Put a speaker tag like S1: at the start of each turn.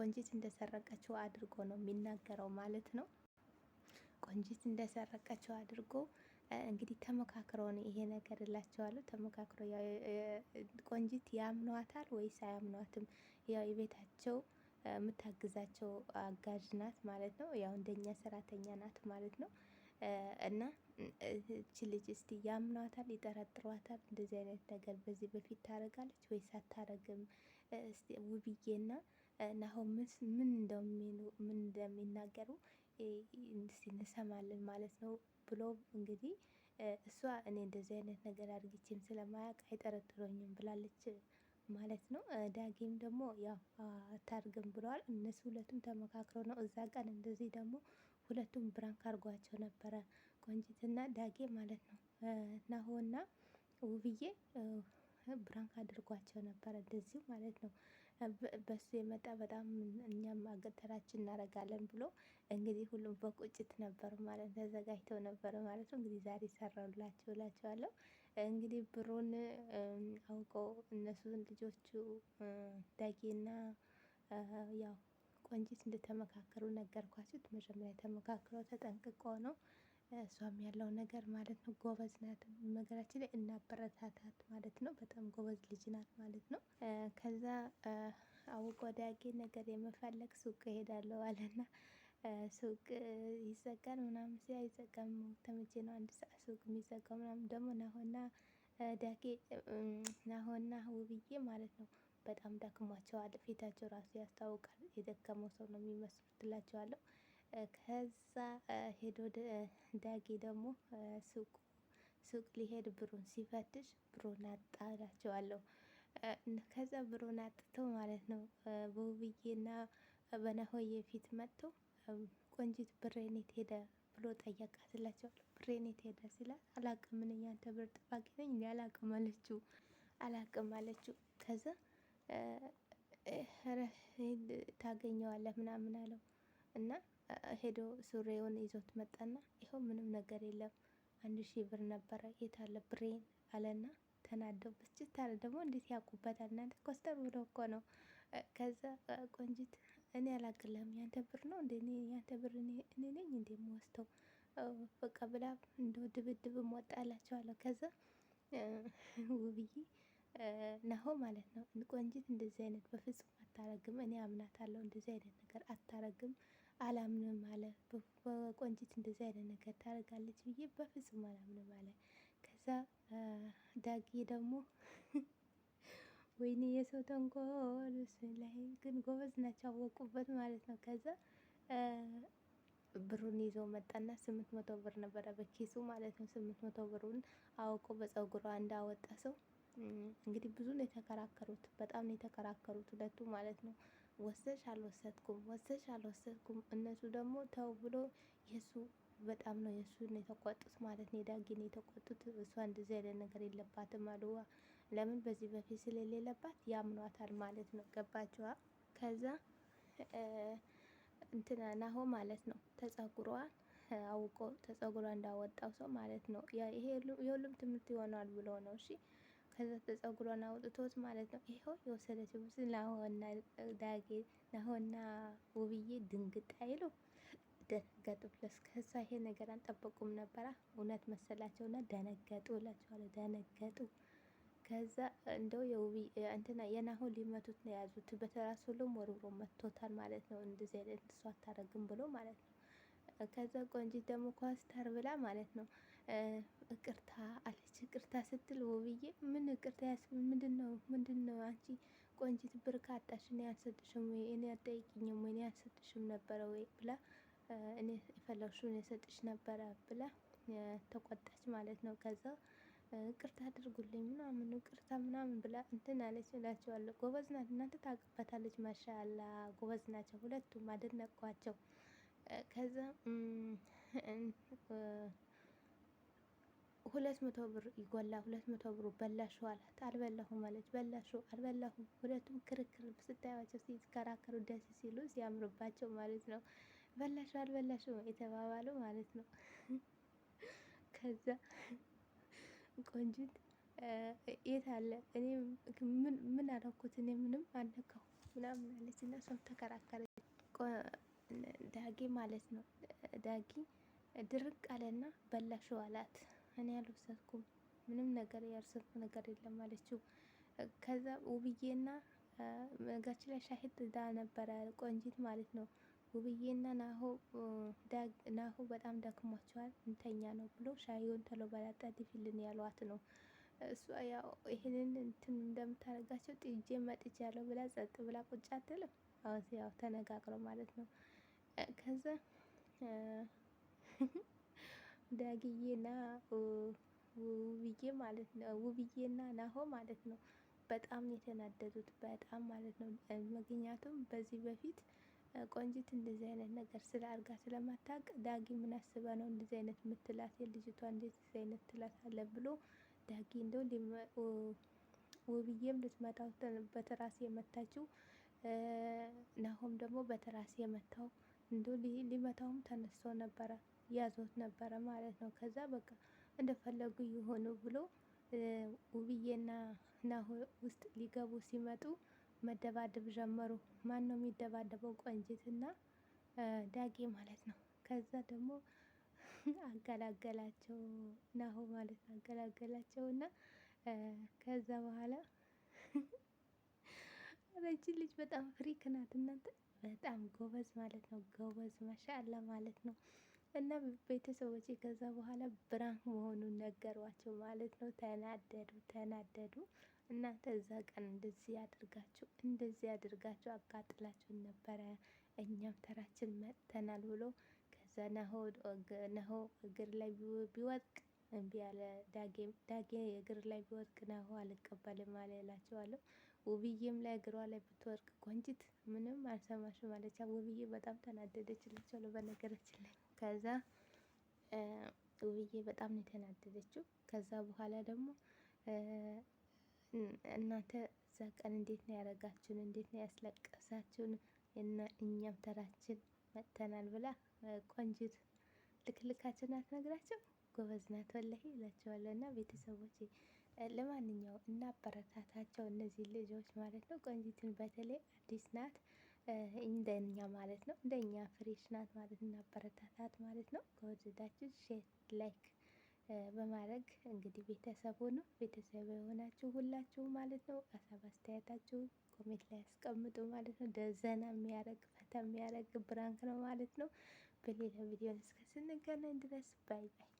S1: ቆንጂት እንደሰረቀችው አድርጎ ነው የሚናገረው ማለት ነው። ቆንጂት እንደሰረቀችው አድርጎ እንግዲህ ተመካክሮ ነው ይሄ ነገር እላቸዋለሁ። ተመካክሮ ቆንጂት ያምኗታል ወይስ አያምኗትም? ያው የቤታቸው የምታግዛቸው አጋዥ ናት ማለት ነው። ያው እንደኛ ሰራተኛ ናት ማለት ነው። እና እቺ ልጅ እስቲ ያምኗታል፣ ይጠረጥሯታል፣ እንደዚህ አይነት ነገር በዚህ በፊት ታደርጋለች ወይስ አታረግም? ውብዬና እና አሁን ምን እንደሚናገሩ እንሰማለን ማለት ነው። ብሎ እንግዲህ እሷ እኔ እንደዚህ አይነት ነገር አድርግቼም ስለማያውቅ አይጠረጥረኝም ብላለች ማለት ነው። ዳጊም ደግሞ ያው አታርግም ብለዋል። እነሱ ሁለቱም ተመካክረው ነው እዛ ቀን እንደዚህ ደግሞ ሁለቱም ብራንክ አድርጓቸው ነበረ ቆንጅትና ዳጌ ማለት ነው። ናሆና ውብዬ ብራንክ አድርጓቸው ነበረ እንደዚሁ ማለት ነው። በሱ የመጣ በጣም እኛም አገተራችን እናደርጋለን ብሎ እንግዲህ ሁሉም በቁጭት ነበር ማለት ተዘጋጅተው ነበር ማለት ነው። እንግዲህ ዛሬ ሰራላቸው እላችኋለሁ። እንግዲህ ብሩን አውቀው እነሱ ልጆቹ ዳጌና ያው ቆንጂት እንደተመካከሩ ነገርኳችሁ። መጀመሪያ ተመካክረው ተጠንቅቆ ነው እሷም ያለው ነገር ማለት ነው። ጎበዝ ናት። ነገራችን ላይ እናበረታታት ማለት ነው። በጣም ጎበዝ ልጅ ናት ማለት ነው። ከዛ አውቆ ዳጌ ነገር የመፈለግ ሱቅ እሄዳለሁ አለና ሱቅ ይዘጋል ምናምን ሲል አይዘጋም ተመቼ ነው አንድ ሰዓት ሱቅ የሚዘጋው ምናምን ደግሞ ናሆና ዳጌ ናሆና ውብዬ ማለት ነው በጣም ደክሟቸዋል። ፊታቸው ራሱ ያስታውቃል። የደከመው ሰው ነው የሚመስሉት እላቸዋለሁ። ከዛ ሄዶ ዳጊ ደግሞ ሱቁ ሱቅ ሊሄድ ብሩን ሲፈትሽ ብሩን አጣ እላቸዋለሁ። ከዛ ብሩን አጥቶ ማለት ነው በውብዬና በናሆዬ ፊት መጥቶ ቆንጂት ብሬኔት ሄደ ብሎ ጠየቃትላቸው። ብሬኔት ሄደ ሲላት አላቅም ምን ያንተ ብር ጠባቂ ነኝ እንዲ አላቅም አለችው። አላቅም አለችው። ከዛ ታገኘዋለህ ምናምን አለው እና ሄዶ ሱሪውን ይዞት መጣና ይኸው ምንም ነገር የለም አንድ ሺህ ብር ነበረ አለ ብሬን አለና ተናደው ብስጭት አለ። ደግሞ እንዴት ያውቁበታል እናንተ ኮስተር ብሎ እኮ ነው። ከዛ ቆንጂት እኔ አላቅልህም ያንተ ብር ነው እንዴ? እኔ ያንተ ብር እኔ ነኝ እንዴ የምወስደው በቃ ብላ እንደ ድብድብም ወጣላቸዋለሁ። ከዛ ውብዬ ናሆ ማለት ነው ቆንጂት እንደዚህ አይነት በፍጹም አታረግም፣ እኔ አምናታለሁ እንደዚህ አይነት ነገር አታረግም። አላምንም አለ። በቆንጂት እንደዚህ አይነት ነገር ታደርጋለች ብዬ በፍጹም አላምንም አለ። ከዛ ዳጊ ደግሞ ወይኔ የሰው ተንኮል ላይ ግን ጎበዝ ናቸው አወቁበት ማለት ነው። ከዛ ብሩን ይዞ መጣና ስምንት መቶ ብር ነበረ በኪሱ ማለት ነው። ስምንት መቶ ብሩን አውቆ በፀጉሯ እንዳወጣ ሰው እንግዲህ ብዙ ነው የተከራከሩት። በጣም ነው የተከራከሩት ሁለቱ ማለት ነው። ወሰሽ አልወሰድኩም ወሰሽ አልወሰድኩም። እነሱ ደግሞ ተው ብሎ የሱ በጣም ነው የእሱን የተቆጡት ማለት ነው። የዳጊን የተቆጡት እሷ እንደዚህ አይነት ነገር የለባትም አሉ። ለምን በዚህ በፊት ስለሌለባት ያምኗታል ማለት ነው። ገባችኋ? ከዛ እንትና ናሆ ማለት ነው ተጸጉሯ አውቆ ተጸጉሯ እንዳወጣው ሰው ማለት ነው። ይሄ የሁሉም ትምህርት ይሆናል ብሎ ነው እሺ ከዛ ተጸጉሯን አውጥቶት ማለት ነው። ይኸው የወሰደችው ብዙ ናሆና ዳጌ ናሆና ውብዬ ድንግጥ አይሉ ደነገጡ። ከዛ ይሄ ነገር አንጠበቁም ነበራ። እውነት መሰላቸውና ደነገጡ እላቸዋለሁ። ደነገጡ። ከዛ እንደው እንትና የናሆን ሊመቱት ነው የያዙት። በተራሱ ሁሉም ወርውሮ መቶታል ማለት ነው። እንደዚህ አይነት እሷ አታረግም ብሎ ማለት ነው። ከዛ ቆንጂት ደግሞ ኳስተር ብላ ማለት ነው ይቅርታ አለች። ይቅርታ ስትል ውብዬ ምን ይቅርታ ያስብ ምንድን ነው ምንድን ነው አንቺ ቆንጂት ብር ካጣሽ እኔ አልሰጥሽም ወይ እኔ አጠይቅኝም ወይ እኔ አልሰጥሽም ነበረ ወይ ብላ እኔ የፈለግሽውን የሰጥሽ ነበረ ብላ ተቆጣች ማለት ነው። ከዛ ይቅርታ አድርጉልኝ ምናምን ይቅርታ ምናምን ብላ እንትን አለች እላቸዋለሁ። ጎበዝ ናት እናንተ ታውቅበታለች። ማሻላ ጎበዝ ናቸው ሁለቱም አደነቅኳቸው። ከዛ ሁለት መቶ ብር ይጎላ ሁለት መቶ ብሩ በላሹ አላት። አልበላሁም አለች። በላሹ አልበላሁም። ሁለቱም ክርክር ስታያቸው ሲከራከሩ ደስ ሲሉ ሲያምርባቸው ማለት ነው። በላሹ አልበላሹ የተባባሉ ማለት ነው። ከዛ ቆንጂት የት አለ እኔ ምን አደረኩት እኔ ምንም አልነካሁ ምናምን አለች እና እሷም ተከራከረች። ዳጊ ማለት ነው ዳጊ ድርቅ አለና በላሹ አላት። እኔ አልወሰድኩም ምንም ነገር ያልወሰድኩ ነገር የለም አለችው። ከዛ ውብዬና መጋችን ላይ ሻሂድ ዳ ነበረ ቆንጂት ማለት ነው። ውብዬና ናሆ በጣም ደክሟቸዋል እንተኛ ነው ብሎ ሻዩን ተሎ በላጣ ዲፊልን ያሏት ነው። እሷ ያው ይህንን እንትን እንደምታደርጋቸው ጥጄ መጥቼ ያለው ብላ ጸጥ ብላ ቁጭ አትልም። ያው ተነጋግረው ማለት ነው ከዛ ዳግዬና ውብዬ ማለት ነው ውብዬና ናሆ ማለት ነው በጣም የተናደዱት በጣም ማለት ነው። ምክንያቱም በዚህ በፊት ቆንጂት እንደዚህ አይነት ነገር ስለ አርጋ ስለማታቅ ዳጊ ምን አስበ ነው እንደዚህ አይነት ምትላት የልጅቷ እንዴት እንደዚህ አይነት ትላት አለ ብሎ ዳጊ እንደው ውብዬም ልትመታው በትራስ የመታችው ናሆም ደግሞ በትራስ የመታው እንዲሁ ሊመታውም ተነስቶ ነበረ። ያዞት ነበረ ማለት ነው። ከዛ በቃ እንደፈለጉ ይሆኑ ብሎ ውብዬና ናሆ ውስጥ ሊገቡ ሲመጡ መደባደብ ጀመሩ። ማን ነው የሚደባደበው? ቆንጅት እና ዳጌ ማለት ነው። ከዛ ደግሞ አገላገላቸው ናሆ ማለት ነው። አገላገላቸው እና ከዛ በኋላ ረጅ ልጅ በጣም ፍሪክ ናት እናንተ፣ በጣም ጎበዝ ማለት ነው። ጎበዝ ማሻአላ ማለት ነው። እና ቤተሰቦች ከዛ በኋላ ብራንክ መሆኑን ነገሯቸው ማለት ነው። ተናደዱ ተናደዱ። እናንተ እዛ ቀን እንደዚህ ያድርጋችሁ እንደዚህ ያድርጋችሁ አቃጥላችሁን ነበረ፣ እኛም ተራችን መጥተናል ብሎ ከዛ ነሆ ነሆ እግር ላይ ቢወድቅ እምቢ ያለ ዳጌ ዳጌ እግር ላይ ቢወድቅ ነሆ አልቀበልም አለ እላቸዋለሁ። ውብዬም ላይ እግሯ ላይ ብትወድቅ ቆንጂት ምንም አልሰማሽም አለቻት። ውብዬ በጣም ተናደደች እላቸዋለሁ በነገራችን ላይ ከዛ ውብዬ በጣም ነው የተናደደችው። ከዛ በኋላ ደግሞ እናንተ እዛ ቀን እንዴት ነው ያረጋችሁን? እንዴት ነው ያስለቀሳችሁን? እኛም ተራችን መጥተናል ብላ ቆንጅት ልክልካችን አትነግራቸው ጎበዝ ናት ወላሂ እላቸዋለሁ። እና ቤተሰቦች ለማንኛውም እናበረታታቸው እነዚህ ልጆች ማለት ነው። ቆንጅትን በተለይ አዲስ ናት። እንደኛ ማለት ነው። እንደኛ ፍሬሽ ናት ማለት አበረታታት ማለት ነው። ከወደዳችሁ ሼር፣ ላይክ በማድረግ እንግዲህ ቤተሰብ ነው ቤተሰብ የሆናችሁ ሁላችሁ ማለት ነው። ሀሳብ አስተያየታችሁ ኮሜንት ላይ ያስቀምጡ ማለት ነው። ደዘና የሚያደርግ ፈታ የሚያደርግ ብራንክ ነው ማለት ነው። በሌላ ቪዲዮ እስከ ስንገናኝ ድረስ ባይ ባይ።